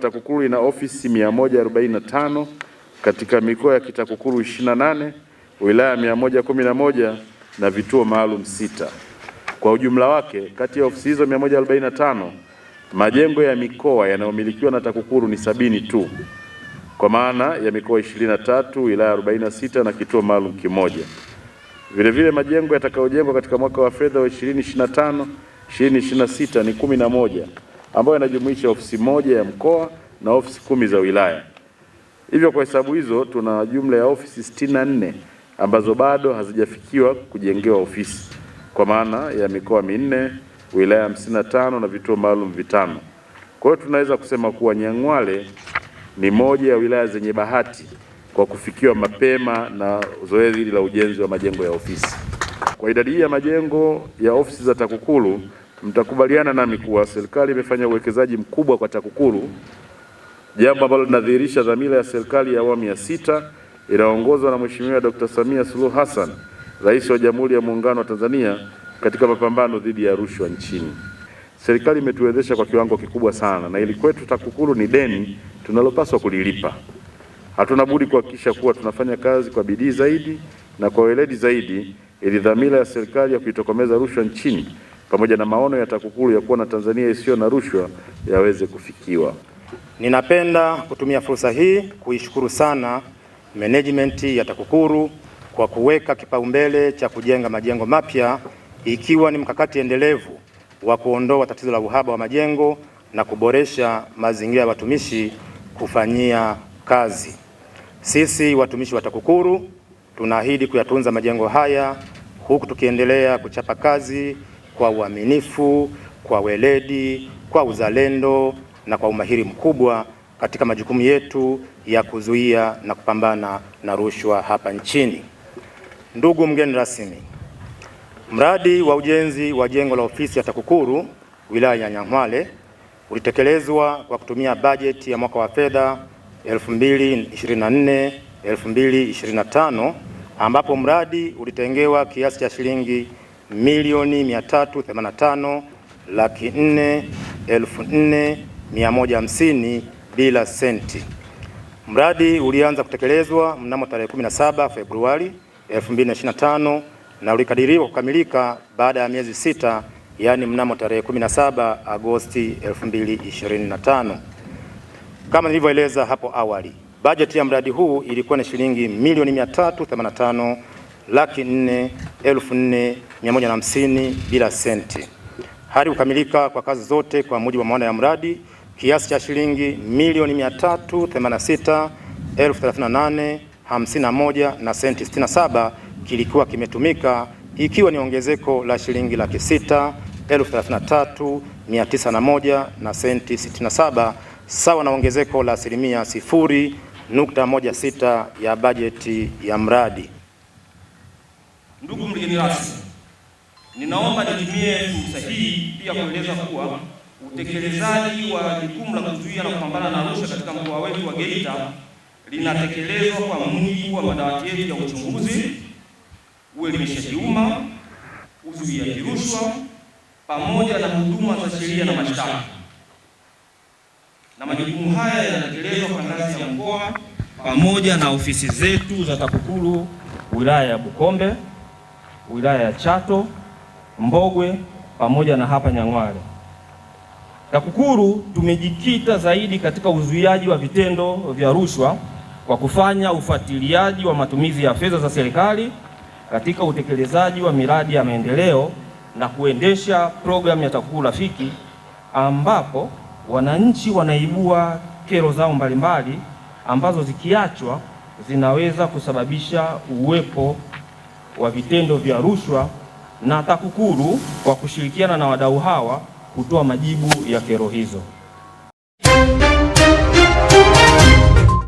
TAKUKURU ina ofisi 145 katika mikoa ya kitakukuru 28, wilaya 111 na vituo maalum sita. Kwa ujumla wake, kati ya ofisi hizo 145, majengo ya mikoa yanayomilikiwa na TAKUKURU ni sabini tu, kwa maana ya mikoa 23, wilaya 46 na kituo maalum kimoja. Vilevile, majengo yatakayojengwa katika mwaka wa fedha wa 2025 2026 ni 11 ambayo inajumuisha ofisi moja ya mkoa na ofisi kumi za wilaya. Hivyo kwa hesabu hizo tuna jumla ya ofisi sitini na nne ambazo bado hazijafikiwa kujengewa ofisi kwa maana ya mikoa minne, wilaya hamsini na tano na vituo maalum vitano. Kwa hiyo tunaweza kusema kuwa Nyang'hwale ni moja ya wilaya zenye bahati kwa kufikiwa mapema na zoezi hili la ujenzi wa majengo ya ofisi. Kwa idadi hii ya majengo ya ofisi za TAKUKURU Mtakubaliana nami kuwa serikali imefanya uwekezaji mkubwa kwa TAKUKURU, jambo ambalo linadhihirisha dhamira ya serikali ya awamu ya sita inayoongozwa na Mheshimiwa Dr. Samia Suluhu Hassan, Rais wa Jamhuri ya Muungano wa Tanzania, katika mapambano dhidi ya rushwa nchini. Serikali imetuwezesha kwa kiwango kikubwa sana, na ili kwetu TAKUKURU ni deni tunalopaswa kulilipa. Hatuna budi kuhakikisha kuwa tunafanya kazi kwa bidii zaidi na kwa weledi zaidi ili dhamira ya serikali ya kuitokomeza rushwa nchini pamoja na maono ya TAKUKURU ya kuwa na Tanzania isiyo na rushwa yaweze kufikiwa. Ninapenda kutumia fursa hii kuishukuru sana management ya TAKUKURU kwa kuweka kipaumbele cha kujenga majengo mapya ikiwa ni mkakati endelevu wa kuondoa tatizo la uhaba wa majengo na kuboresha mazingira ya watumishi kufanyia kazi. Sisi watumishi wa TAKUKURU tunaahidi kuyatunza majengo haya huku tukiendelea kuchapa kazi kwa uaminifu, kwa weledi, kwa uzalendo na kwa umahiri mkubwa katika majukumu yetu ya kuzuia na kupambana na rushwa hapa nchini. Ndugu mgeni rasmi, mradi wa ujenzi wa jengo la ofisi ya TAKUKURU wilaya ya Nyang'hwale ulitekelezwa kwa kutumia bajeti ya mwaka wa fedha 2024 2025 ambapo mradi ulitengewa kiasi cha shilingi milioni 385 laki nne elfu nne mia moja hamsini bila senti. Mradi ulianza kutekelezwa mnamo tarehe 17 Februari 2025 na ulikadiriwa kukamilika baada ya miezi sita, yaani mnamo tarehe 17 Agosti 2025. Kama nilivyoeleza hapo awali, bajeti ya mradi huu ilikuwa ni shilingi milioni 385 laki nne elfu nne mia moja na hamsini bila senti hadi kukamilika kwa kazi zote kwa mujibu wa maono ya mradi kiasi cha shilingi milioni sita elfu 38 51 na senti 67 kilikuwa kimetumika ikiwa ni ongezeko la shilingi laki sita elfu tatu mia tisa na moja na senti 67 sawa na ongezeko la asilimia sita ya bajeti ya mradi. Ndugu mgeni rasmi, ninaomba nitumie fursa hii pia kueleza kuwa utekelezaji wa jukumu la kuzuia na kupambana na rushwa katika mkoa wetu wa Geita linatekelezwa kwa mujibu wa madawati yetu ya uchunguzi, uelimishaji umma, uzuiaji rushwa pamoja na huduma za sheria na mashtaka, na majukumu haya yanatekelezwa kwa ngazi ya mkoa pamoja na ofisi zetu za TAKUKURU wilaya ya Bukombe wilaya ya Chato, Mbogwe pamoja na hapa Nyang'hwale. TAKUKURU tumejikita zaidi katika uzuiaji wa vitendo vya rushwa kwa kufanya ufuatiliaji wa matumizi ya fedha za serikali katika utekelezaji wa miradi ya maendeleo na kuendesha programu ya TAKUKURU Rafiki ambapo wananchi wanaibua kero zao mbalimbali ambazo zikiachwa zinaweza kusababisha uwepo wa vitendo vya rushwa na TAKUKURU kwa kushirikiana na wadau hawa kutoa majibu ya kero hizo.